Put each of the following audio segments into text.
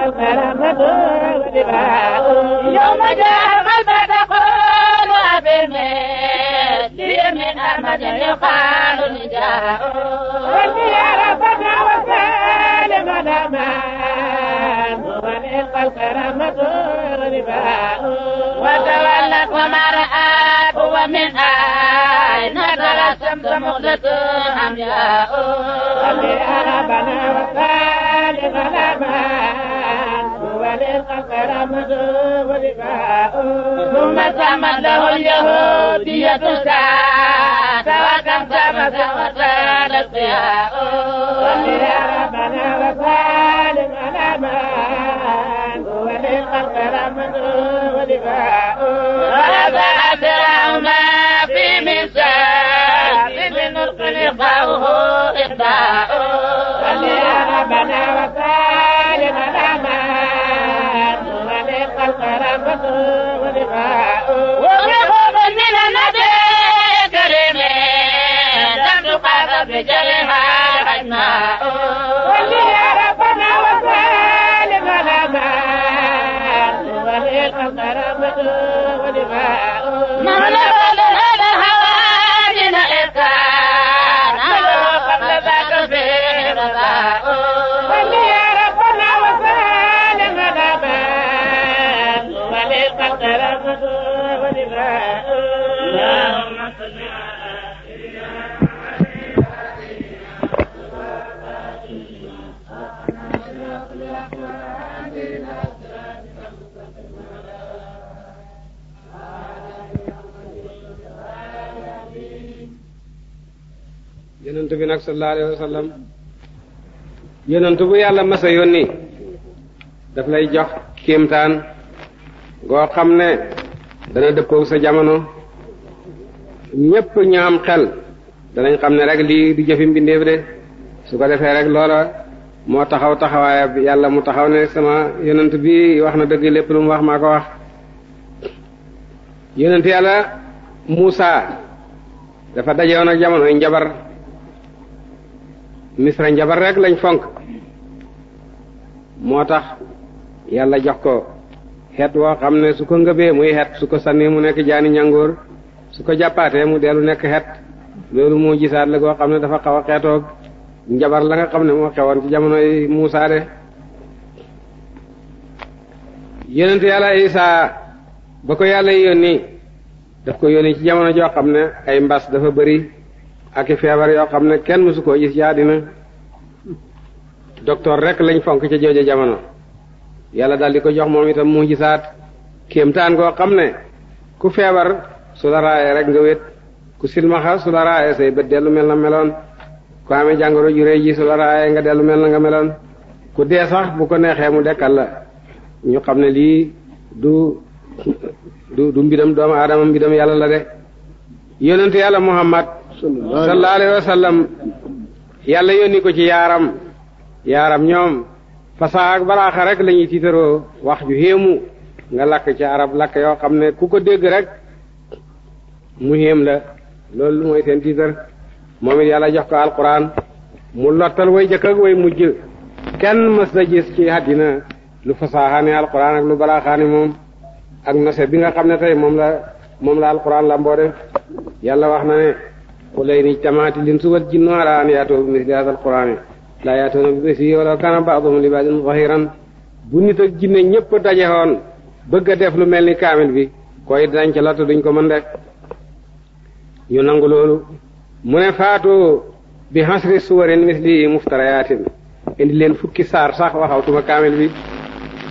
المرمد والباء يوم جاء الغلب تقول وبالميت من أحمد يقال نداء والزيارة تدعى وسالم الأمان والإلقى الكرامة والرباء وتولت وما رآه ومن أين ترى الشمس مغلة أم جاء والزيارة بنا وسالم الأمان كرامة ولباء ثم سمت له اليهودية ساعة وكم سمت وكان الضياء وإلى ربنا وسالم ألاما وللخلق رحمة ولباء وهذا أدرى ما في مثال لنلقي لقاؤه إخطاء وإلى ربنا وسالم yonent bi nag sallallahu alayhi wa bu yàlla masa yónni daf lay jox kéemtaan goo xam ne dana dëppoog sa jamono ñépp ñu am xel danañ xam ne rek lii di jëfi mbindeef de su ko defee rek loola moo taxaw taxawaay yàlla mu taxaw ne sama yonent bi wax na dëgg lépp lu wax maa ko wax yonent yàlla Muusa dafa dajewoon ak jamonoy njabar misra njabar rek lañ fonk moo tax yàlla jox ko xet woo xam ne su ko ngëbee muy xet su ko sànnee mu nekk jaani ñangoor su ko jàppaatee mu dellu nekk xet loolu moo gisaat la goo xam ne dafa xaw a xeetoog njabar la nga xam ne moo xewoon ci jamonoy Muusaa de yonent yàlla Isaa ba ko yàlla yónni daf ko yónni ci jamono joo xam ne ay mbas dafa bari ak i feebar yoo xam ne kenn mësu koo gis ci àddina docteur rek lañ fonk ca jooja jamono yàlla daal di ko jox moom itam mu ji saat mujisaat kéemtaan koo xam ne ku feebar su la raayee rek nga wét ku silmaxa su la raayee say bët dellu mel na meloon ku amee jàngoro ju rëy ji su la nga dellu mel na nga meloon ku dee sax bu ko neexee mu dekkal la ñu xam ne lii du du du mbidam doomu aadama mbidam yàlla la de yonent yàlla muhammad sallallahu alayhi wa sallam yàlla yónni ko ci yaaram yaaram ñoom fasaa ak baraaxa rek lañuy ñuy tiitaroo wax ju héemu nga lakk ci arab lakk yoo xam ne ku ko dégg rek mu héem la loolu mooy seen tiitar moom it yàlla jox ko alquran mu lottal way jëkk ak way mujj kenn mës na gis ci àddina lu fasaaxaani alquran ak lu balaaxaani moom ak nose bi nga xam ne tey moom la moom la alquran la mboo def yàlla wax na ne kulay ni tamaati lin suwal jinnu ala an yaatoo bi misli hadal qur'ani laa yaatoona bi misli wala kana ba'dhum li ba'din zahiran bu nit ak jinne daje dajewoon bëgg a def lu mel ni kaamil bi koy danañ ca lottu duñ ko mën de ñu nangu loolu mu ne faatu bi hasri suwarin misli muftarayaatin indi leen fukki saar sax waxawtuma kaamil bi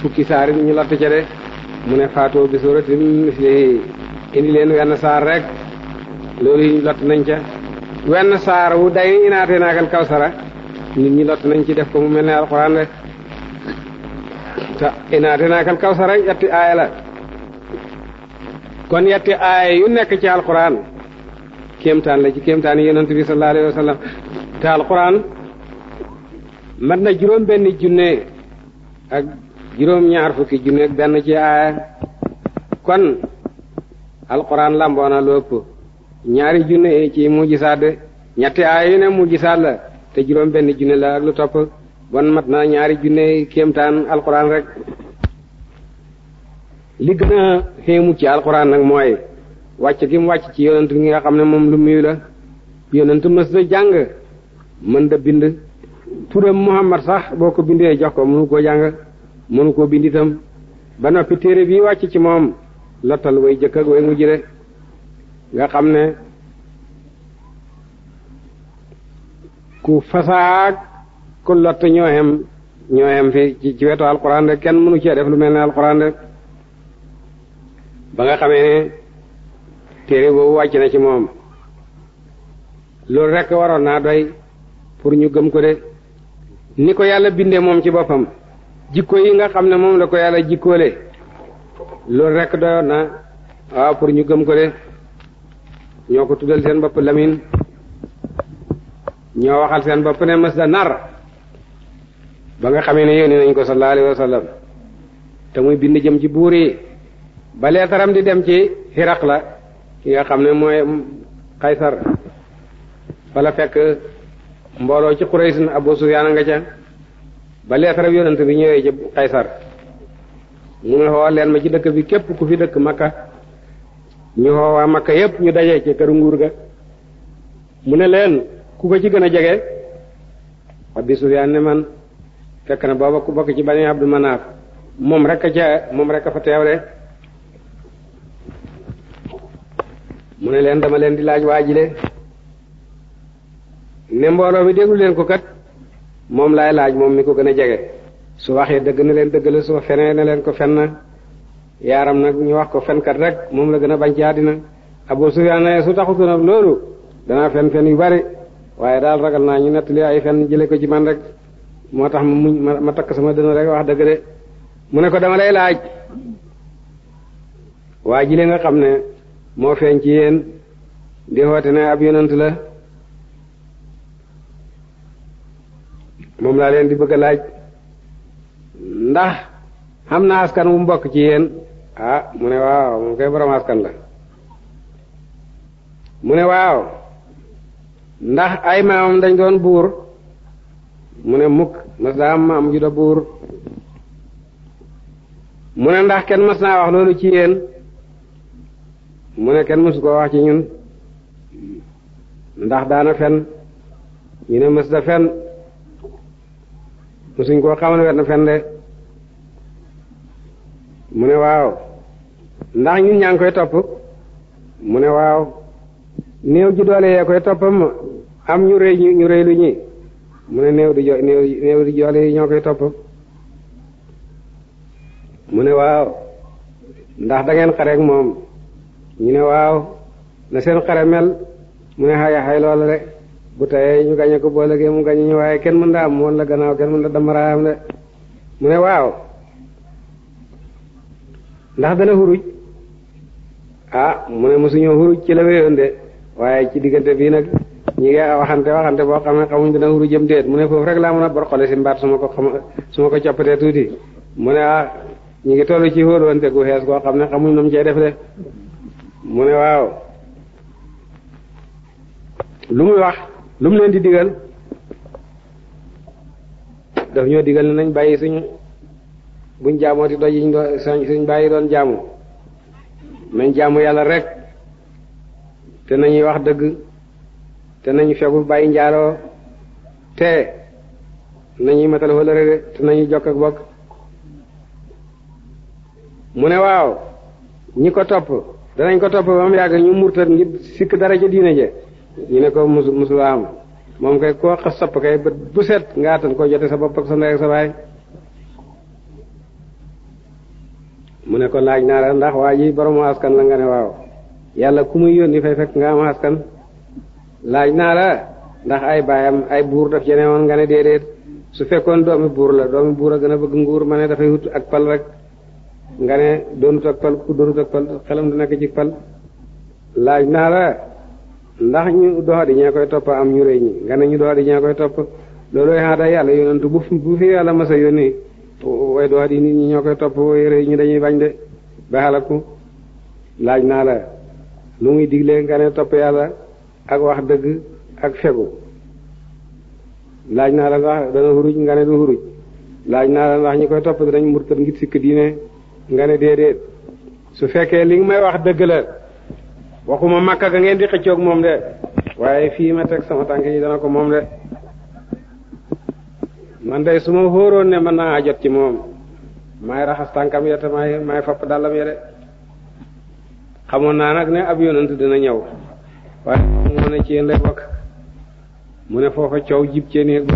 fukki saar ñu lottu ca de mu ne faatu bi suratin misli indi leen wenn saar rek loolu yi lot nañ ca wenn saar wu day inaatee naakal kawsara nit ñi lot nañ ci def ko mu mel ne alxuraan rek te inaatee naakal kawsara yetti aaya la kon yetti aaya yu nekk ci alxuraan kéemtaan la ci kéemtaan yi yonent bi sallallahu alayhi te alxuraan mat na juróom benn junne ak juróom ñaar fukki junne ak benn ci aaya kon alxuraan lamboona lu ëpp ñaari junne yi ci mujjisaat de ñetti aaya yu ne mujjisaat la te juróom benn junne la ak lu topp wan mat na ñaari junne kéemtaan alxuraan rek li gën a xéemu ci alquran nag mooy wàcc gi mu wàcc ci yonent gi nga xam ne moom lu muy la yonent mës da jàng mën da bind turam muhammad sax boo ko bindee jox ko mënu koo jàng mënu koo bind ba noppi téere bii wàcc ci moom lottal way jëkk ak way mujj de nga xam ne ku fasaak ku lott ñoo xem ñoo fi ci wetu alxuraan de kenn mënu cee def lu mel ne alxuraan de ba nga xamee ne téere boobu wàcc na ci moom loolu rekk waroon naa doy pour ñu gëm ko de ni ko yàlla bindee moom ci boppam jikko yi nga xam ne moom la ko yàlla jikkoole loolu rekk doyoon na waa pour ñu gëm ko de ñoo ko tuddal seen bopp Lamine ñoo waxal seen bopp ne mës da nar ba nga xamee ne yónni nañ ko sallallahu alayhi wa sallam te muy bind jëm ci buur yi ba leetaram di dem ci xiraq la ki nga xam ne mooy Kaysar fa la fekk mbooloo ci Quraysh Abu Sufyaan nga ca ba leetaram yonent bi ñëwee ci Kaysar mu ne xool leen ma ci dëkk bi képp ku fi dëkk Makka ñu woo waa Makka yépp ñu daje ci kër nguur ga mu ne leen ku ko ci gën a jege Abi Sufyaan ne man fekk na booba ku bokk ci Bani ma Manaaf moom rek a ca moom rek a fa teew de mu ne leen dama leen di laaj waa waajile ne mbooloo bi déglu leen ko kat moom laay laaj moom mi ko gën a jege su waxee dëgg na leen dëgg la su fenee na leen ko fenn yaaram nag ñu wax ko fenkat rek moom la gën a bañ ci àddina Abu Sufyaan ne su taxutu nag loolu danaa fen fen yu bari waaye daal ragal naa ñu nettali ay fen jële ko ci man rek moo tax ma muñ ma takk sama dënn rek wax dëgg de mu ne ko dama lay laaj waa ji le nga xam ne moo feeñ ci yéen di xoote ne ab yonant la moom laa leen di bëgg a laaj ndax am naa askan wu mbokk ci yéen ah mu ne waaw moom koy borom askan la mu ne waaw ndax ay maamam dañ doon buur mu ne mukk mas naa am maam ju buur mu ne ndax kenn mës naa wax loolu ci yéen mu ne kenn mësu koo wax ci ñun ndax daana fen ñu ne mës da fen mësuñ koo xamal wet na fen de mu ne waaw ndax ñun ñaa ngi koy topp mu ne waaw néew ji doole yee koy toppam am ñu rëy ñu rëy lu ñi mu ne néew di jo néew di joole yi ñoo koy topp mu ne waaw ndax dangeen ngeen moom ñu ne waaw na seen xare mel mu ne xay xay loola bu tayee ñu gañe ko boole lëgee mu gañe ñu waaye kenn mën da am woon la gannaaw kenn mën da damaraayam de mu ne waaw ndax dana xuruj ah mu ne mosuñoo xuruj ci la wéyoon de waaye ci diggante bii nag ñi nga waxante waxante boo xam ne xamuñ dana xurujam déet mu ne rek laa mën a borxole si mbaat su ma ko xam su ma ko coppatee tuuti mu ne ah ngi toll ci xóolwante gu xam ne xamuñ nam cee def ne waaw lu muy wax lu mu leen di digal daf ñoo digal ne nañ bàyyi suñu buñ jaamooti doj yiñ doon suñ bàyyi doon jaamu nañ jaamu yàlla rek te nañuy wax dëgg te nañu fegu bàyyi njaaloo te nañuy matal wëlëre de te nañuy jokk ak bokk mu ne waaw ñi ko topp danañ ko topp ba mu yàgg ñu murtat ngir sikk dara ca diine je ñu ne ko musu musul am moom kay koo xas sopp kay bët bu set nga atan koo jote sa bopp ak sa ndey ak sa baay mu ne ko laaj naa la ndax waa ji borom askan la nga ne waaw yàlla ku muy yónni fay fekk nga am askan laaj naa la ndax ay baayam ay buur def jene woon nga ne déedéet su fekkoon doomi buur la doomi buur a gën a bëgg nguur ma ne dafay wut ak pal rek nga ne doonut ak pal ku doonut ak pal xelam du nekk ci pal laaj naa la ndax ñu doxadi ñee koy topp am ñu rëy ñi nga ne ñu doxadi ñee koy topp loolu xaata yàlla yonentu bu bu fi yàlla mas a way doo di nit ñi ñoo koy topp yére yi ñu dañuy bañ de ba xalaku laaj naa la lu muy digle nga ne topp yàlla ak wax dëgg ak fegu laaj naa la ndax dana huruj nga ne du huruj laaj naa la ndax ñu koy topp danañ murtat ngir sikk diine nga ne déedéet su fekkee li nga may wax dëgg la waxuma makka ga ngeen di xëccook moom de waaye fii ma teg sama tànk yi dana ko moom de man day su ma wóoroon ne mën naa jot ci moom maay raxas tànkam ya te maay maay dàllam ya de xamoon naa nag ne ab yonent dina ñëw waaye mu ne foofa coow jib cee néeg ba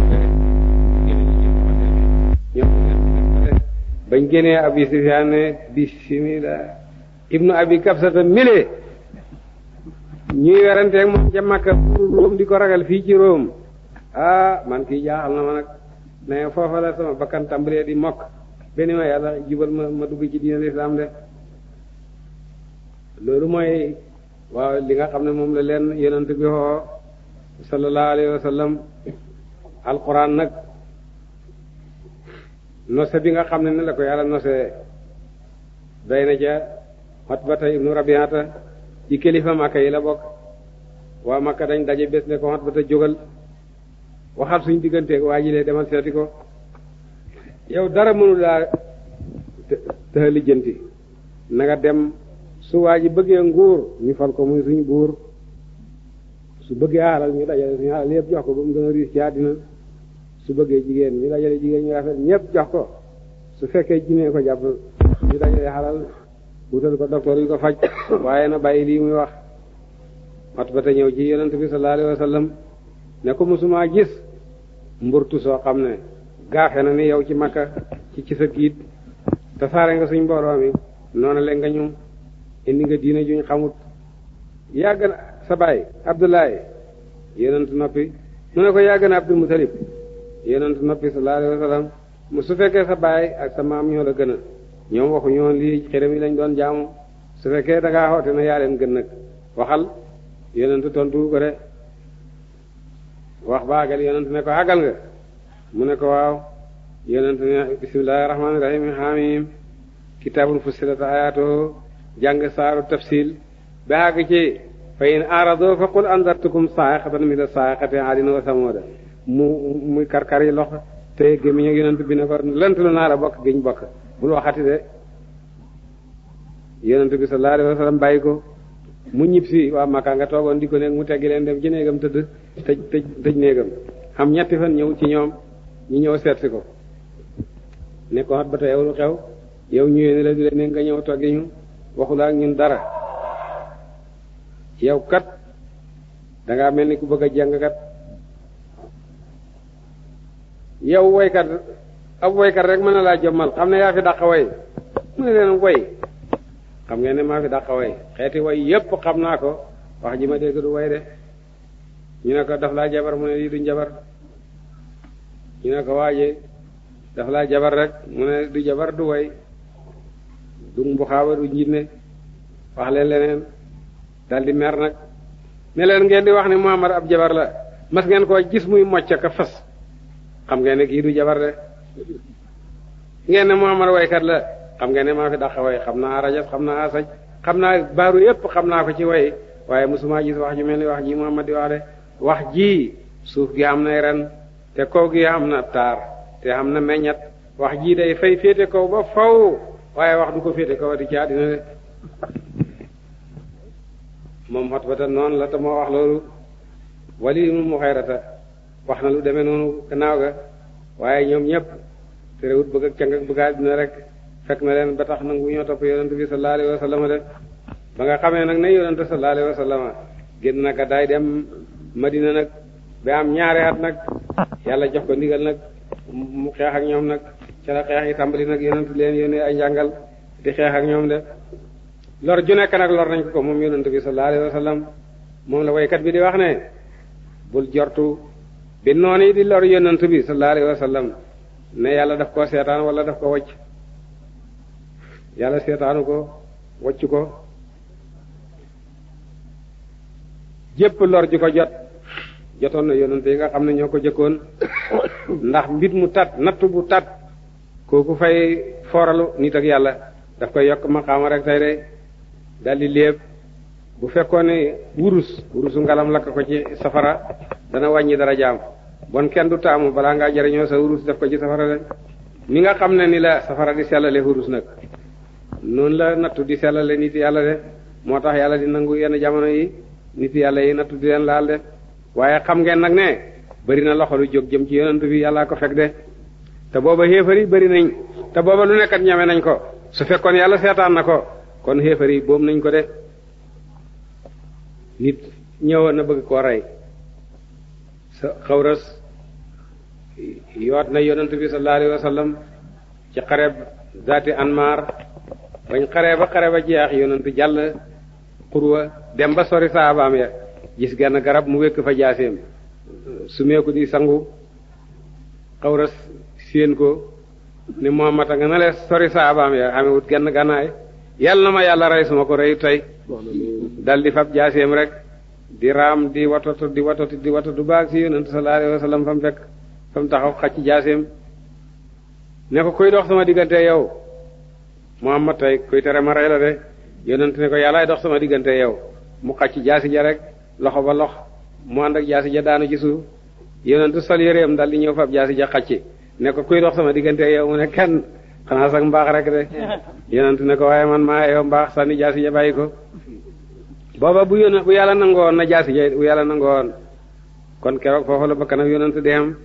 bañ génnee abi sufyaan ne bisimila ibnu abi kabsata mile ñuy weranteeg moom ca makka buur room di ko ragal fii ci room ah man kii jaaxal na ma nag mais foofa la sama bakkan tàmbalee di mokk benn ma yàlla jubal ma ma dugg ci diine lislaam de loolu mooy waaw li nga xam ne moom la leen yonent bi xoo sallallahu alayhi wa sallam alquran nag nose bi nga xam ne ne la ko yàlla nose doy na ca Utbata ibnu Rabiata ci kilifa Makka yi la bokk waa Makka dañ daje bés ne ko Utbata jógal waxal suñ digganteeg waa ji ne demal seeti ko yow dara mënu laa tëxa lijjanti na dem su waa ji bëggee nguur ñu fal ko muy suñu buur su bëggee alal ñu dajale suñu alal yëpp jox ko ba mu gën a riis ci àddina su bëggee jigéen ñu dajale jigéen ñu rafet ñëpp jox ko su fekkee jinee ko jàpp ñu dajale xalal wutal ko docteur yi ko faj waaye na bàyyi lii muy wax mat ba te ñëw ci yonent bi sallallahu alayhi wasallam ne ko musumaa gis mburtu soo xam ne gaaxe na ni yow ci makka ci ci sa giit tasaare nga suñ mbooloo mi noonu la nga ñu indi nga diina juñ xamut yàgg na sa baay abdullahi yonent noppi mu ne ko yàgg na abdul mutalib yonent noppi sallallahu alayhi wa mu su fekkee sa baay ak sa maam ñoo la gën a ñoom waxu ñoon lii xërëm yi lañ doon jaamu su fekkee da ngaa xoote na yaa leen gën nag waxal yonent tontu ko de wax ba àggal yonent ne ko àggal nga mu ne ko waaw yonent ne bismillahir rahmanir rahim hamim kitaabun fussilat ayaatuhu jàng saaru tafsil ba àgg ci fa in aradoo fa qul andartukum saaqatan mithla saaqati aadin wa samuuda mu muy karkar yi loxo te gémmiñ ak yonent bi ne ko lënt lu naa la bokk giñ bokk bul waxati de yonent bi sallallahu alayhi wa sallam bàyyi ko mu ñibbisi waa Makka nga toogoon di ko nekk mu teggi leen dem ci néegam tëdd tëj tëj tëj néegam xam ñetti fan ñëw ci ñoom ñu ñëw seetsi ko ne ko at ba tey yow lu xew yow ñëwee ne la di ne nga ñëw toggi ñu waxula ak ñun dara yow kat danga mel ni ku bëgg a jàng kat yow woykat ab woykat rek mën na laa jëmmal xam ne yaa fi dàq way mu ne leen woy xam ngeen ne maa fi dàq way xeeti way yépp xam naa ko wax ji ma dégg du way de ñu ne ko daf laa jabar mu ne lii du jabar ñu ne ko waaje daf laa jabar rek mu ne jabar du way du mbuxaaba du njinne wax leen leneen dal di mer nag ne leen ngeen di wax ne Muhammad ab jabar la mas ngeen koo gis muy mocc ka fas xam ngeen ne kii du jabar de ngeen moom Muhammad waykat la xam ngeen ne maa fi dàq way xam naa rajas xam naa asaj xam naa baaru yépp xam naa ko ci way waaye mosuma gis wax ju mel ni wax ji Muhammad di wax de wax jii suuf gi am na ren te kaw gi am na taar te am na meññat wax jii day fay féete kaw ba faw waaye wax du ko féete kaw di caa dina moom xot ba te noonu la te moo wax loolu wali mu xayrata wax na lu demee noonu gannaaw ga waaye ñoom ñëpp te réwut bëgg ak càng ak bëgg àddina rek fekk na leen ba tax nangu ñoo topp yonent bi sallallahu alayhi wa de ba nga xamee nag ne yonent sallallahu alayhi wa sallam génn na ka dem ma madina nag ba am ñaari at nag yàlla jox ko ndigal nag mu xeex ak ñoom nag ca la xeex yi tàmbali nag yonent leen yónnee ay njàngal di xeex ak ñoom de lor ju nekk nag lor nañ ko ko moom yonent bi sallallahu alayhi wa sallam moom la waykat bi di wax ne bul jortu bi noonu yi di lor yonent bi sallallahu alayhi wa sallam ne yàlla def koo seetaan wala def ko wacc yàlla seetaanu ko wacc ko jépp lor ju ko jot jotoon na yonent yi nga xam ne ñoo ko jëkkoon ndax mbir mu tat natt bu tat kooku fay fooralu nit ak yàlla daf koy yokk maqaama rek tey de daldi léeb bu fekkoon ne wurus wurusu ngalam lakk ko ci safara dana wàññi dara jaam bon kenn du taamu balaa ngaa jariñoo sa wurus def ko ci safara la ni nga xam ne ni la safara di sellale wurus nag noonu la nattu di sellale nit yàlla de moo tax yàlla di nangu yenn jamono yi nit yàlla yi nattu di leen laal waaye xam ngeen nag ne bëri na loxo lu jóg jëm ci yonent bi yàllaa ko fekk de te booba xéefar yi bëri nañ te booba lu nekkat ñame nañ ko su fekkoon yàlla seetaan na ko kon xéefar yi boobu nañ ko de nit ñëwoon na bëgg koo rey sa xawras yoot na yonent bi sallallahu alayhi ci xareb zaati anmar bañ xaree ba xare ba jeex yonent jàll xurwa dem ba sori saabaam ya gis genn garab mu wekk fa jaaseem su meeku di sangu xawras séen ko ne Muhammad a nga na lee sori saabaam ya yàlla na ma yàlla rey suma ko rey tey dal di fab jaaseem rek di raam di di watatu di watatu baag si yonent sallallahu alayhi wasallam fa mu fekk fa ne kuy dox sama yow Muhammad tey kuy tere ma rey la de yonent ne ko yàllaay dox sama diggante yow mu xacc jaasi ja rek loxo ba lox mu ànd ak ja daanu ci suuf yonentu sol yëreem dal di ñëw fab jaasi ja xacc ne ko kuy dox sama diggante yow mu ne kenn mbaax rek de yonentu ne ko waaye man maa yow mbaax sànni jaasi ja bàyyi ko booba bu yónn bu yàlla nangoo na jaasi ja bu yàlla nangoo woon kon keroog foofu la ba kanam yonentu di am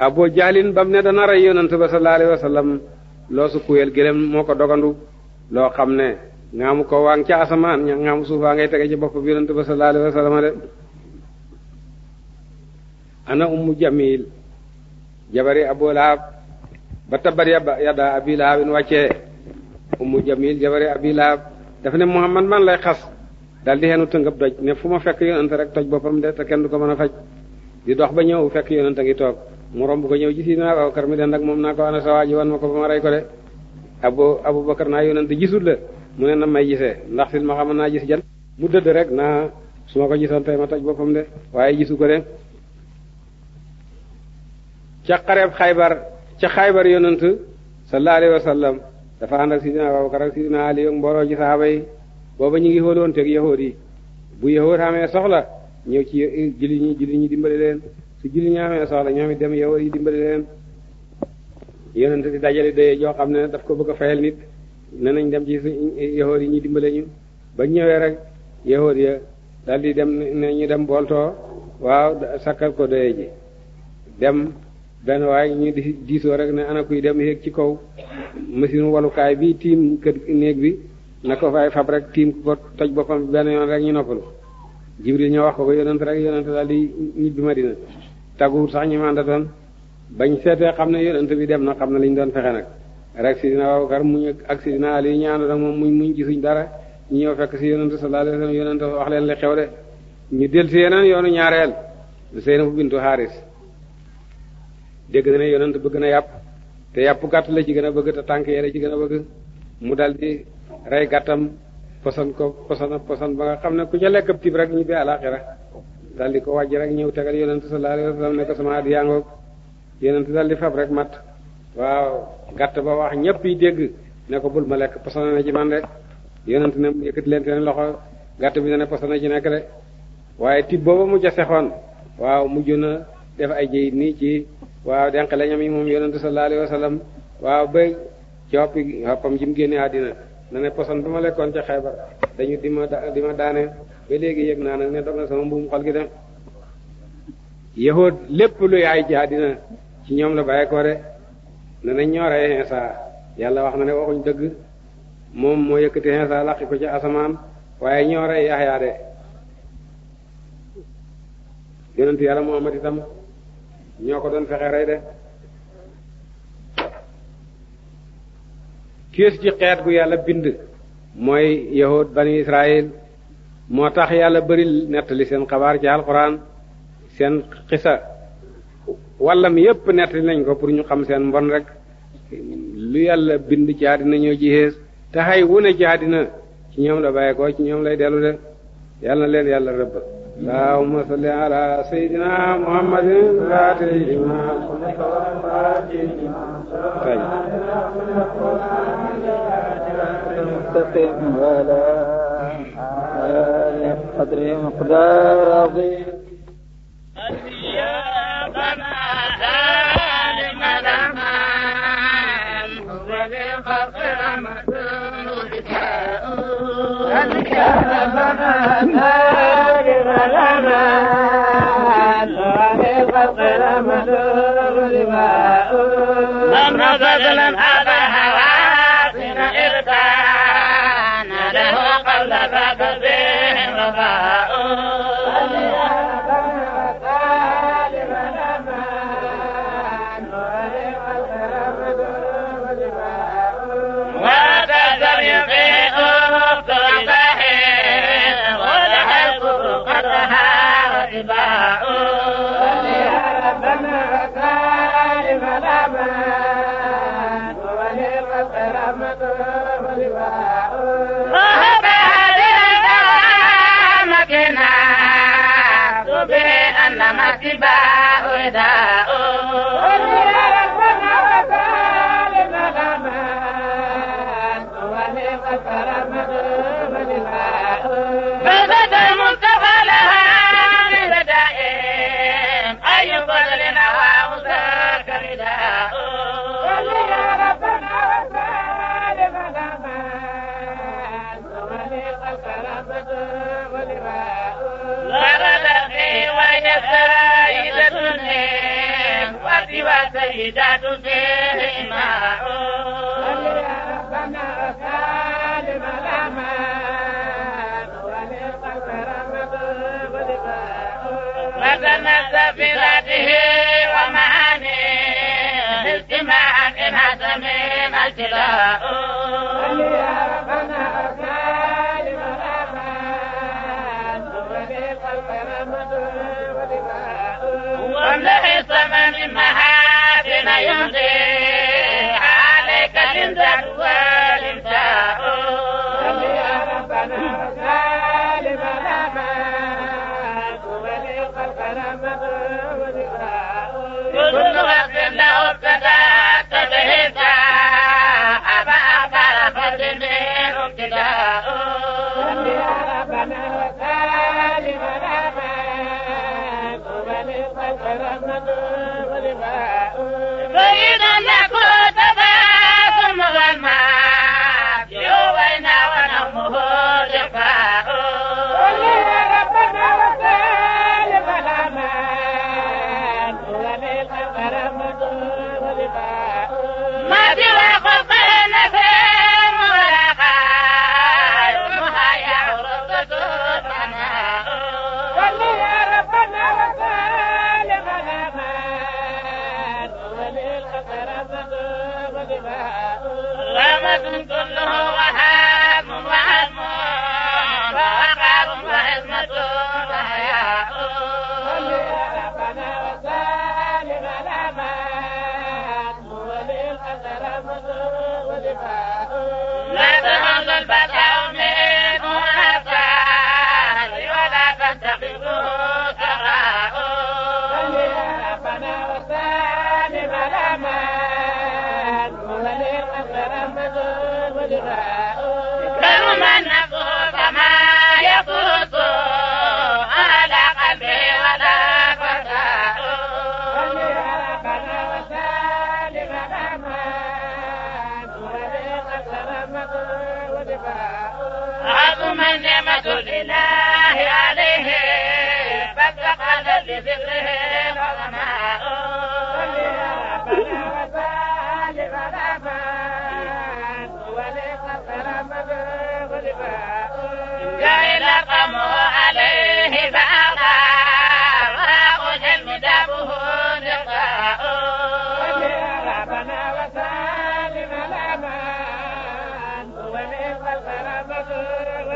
Abu Jaalin ba mu ne dana rey yonentu ba sallallahu alayhi wasallam loo su kuyel gëlëm moo ko dogandu loo xam ne ŋaamu ko waa ngi ca asamaan ña ŋaamu suuf waa ngay tege ci bopp bi yonent ba sallallahu alayhi wa sallam de ana ummu jamil jabari abu lahab ba tabbat yada abi lahab in wàccee ummu jamil jabari abi lahab dafa ne muhammad man lay xas dal di xenu tëngab doj ne fu ma fekk yonent rek toj boppam de te kenn du ko mën a faj di dox ba ñëw fekk yonent a ngi toog mu romb ko ñëw gis naa Abubakar mi den nag moom naa ko ana sa wan ma ko ba ma rey ko de abu abubakar naa yonent gisul la mu ne na may gisee ndax fil ma xam naa gis jan mu dëdd rek naa su ma ko gisoon tey ma toj boppam de waaye gisu ko de ca xareeb xaybar ca xaybar yonent sallallahu alayhi dafa ànd ak sidina Abubakar ak sidina Ali ak ci saaba yi booba ñu ngi xóoloon teg yahood yi bu yahood xamee soxla ñëw ci julli ñi julli ñi dimbali leen su julli ñi xamee soxla ñoo it dem yahood yi dimbali leen yonent di dajale doyee joo xam ne daf ko bëgg a fayal nit ne nañ dem ci yahood yi ñu dimbale ñu ba ñëwee rek yahood ya daal di dem ne ñu dem booltoo waaw sakkal ko doye ji dem benn waaye ñu diisoo rek ne ana kuy dem yéeg ci kaw machine walukaay bi tiim kër néeg bi na ko fay fab rek tiim ko toj boppam benn yoon rek ñu noppalu jibril ñoo wax ko ko yonent rek yonent daal di ñibbi Madina taggu sax ñu màndatoon bañ seetee xam ne yonent bi dem na xam ne liñ doon fexe nag rek sidina Abubakar muñ ak sidina Ali ñaanu nag moom mu muñ gisuñ dara ñu ñëw fekk si yonente sallallahu alayhi wasallam yonente wax leen li xew ñu del si yeneen yoonu ñaareel Zaynab bintu Haris dégg na ne yonente bëgg yàpp te yàpp gàtt la ci gën a bëgg te tànk yee la ci gën a bëgg mu dal di rey gàttam poson ko poson poson ba nga xam ne ku ca lekk tib rek ñu bi ko wàjj rek ñëw tegal yonente sallallahu alayhi wasallam ne ko sama at yaa ngoog di fab rek mat waaw gàtt ba wax ñëpp yi dégg ne bul ma lekk posone na ci man de yonent ne yëkkati leen seen loxo gàtt bi ne ne posone ci nekk de waaye tibb booba mu jasexoon waaw mujj na def ay jëyit nii ci waaw denq la ñam yi moom yonent sallallahu alayhi wasallam waaw ba ci hoppi hoppam ci mu génne àddina na ne poson ba ma lekkoon ca xeebar dañu di ma di ma daane ba léegi yëg naa ne dog na sama mbuum xol gi de yahood lépp luy ay ci àddina ci ñoom la bàyyeekoo de ne nañ ñoo rey Insa yàlla wax na ne waxuñ dëgg moom moo yëkkati Insa laqi ko ci asamaan waaye ñoo rey Yaxya de yonent yàlla Muhammad itam ñoo ko doon fexe rey de kiis ci xeet gu yàlla bind mooy yahud bani Israël moo tax yàlla bari nettali seen xabaar ci alxuraan seen xisa wallam yépp nettali nañ ko pour ñu xam seen mbon rek lu yàlla bind ci àddina ñoo ci xées te xay wu ne ci àddina ci ñoom la bàyyi ko ci ñoom lay dellu de yàlla na leen yàlla rëbb allahumma salli ala sayidina muhammadin fatihima لما Bye. الناس والسيدات فيه إماء ولربنا سالم الأمان وللقلب رمض غلباء وزن سفيرته ومعاني اجتماعا إن هزمين الجلاء من محاسن يمضيها عليك الإنذار والإمساك يا ربنا سالم الأمان ولخلقنا مغرب كل وقت له ابتدأ من نعمة الله عليه فاتقل بذكره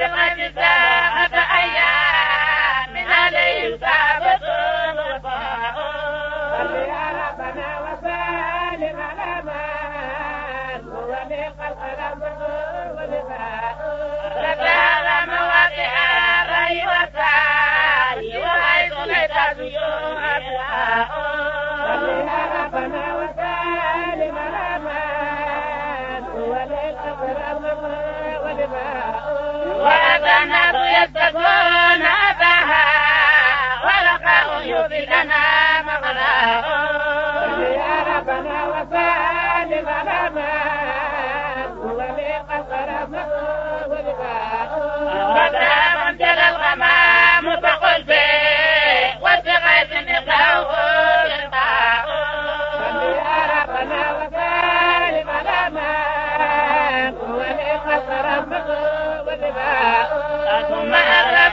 السماء ساءة أيام Akbar ما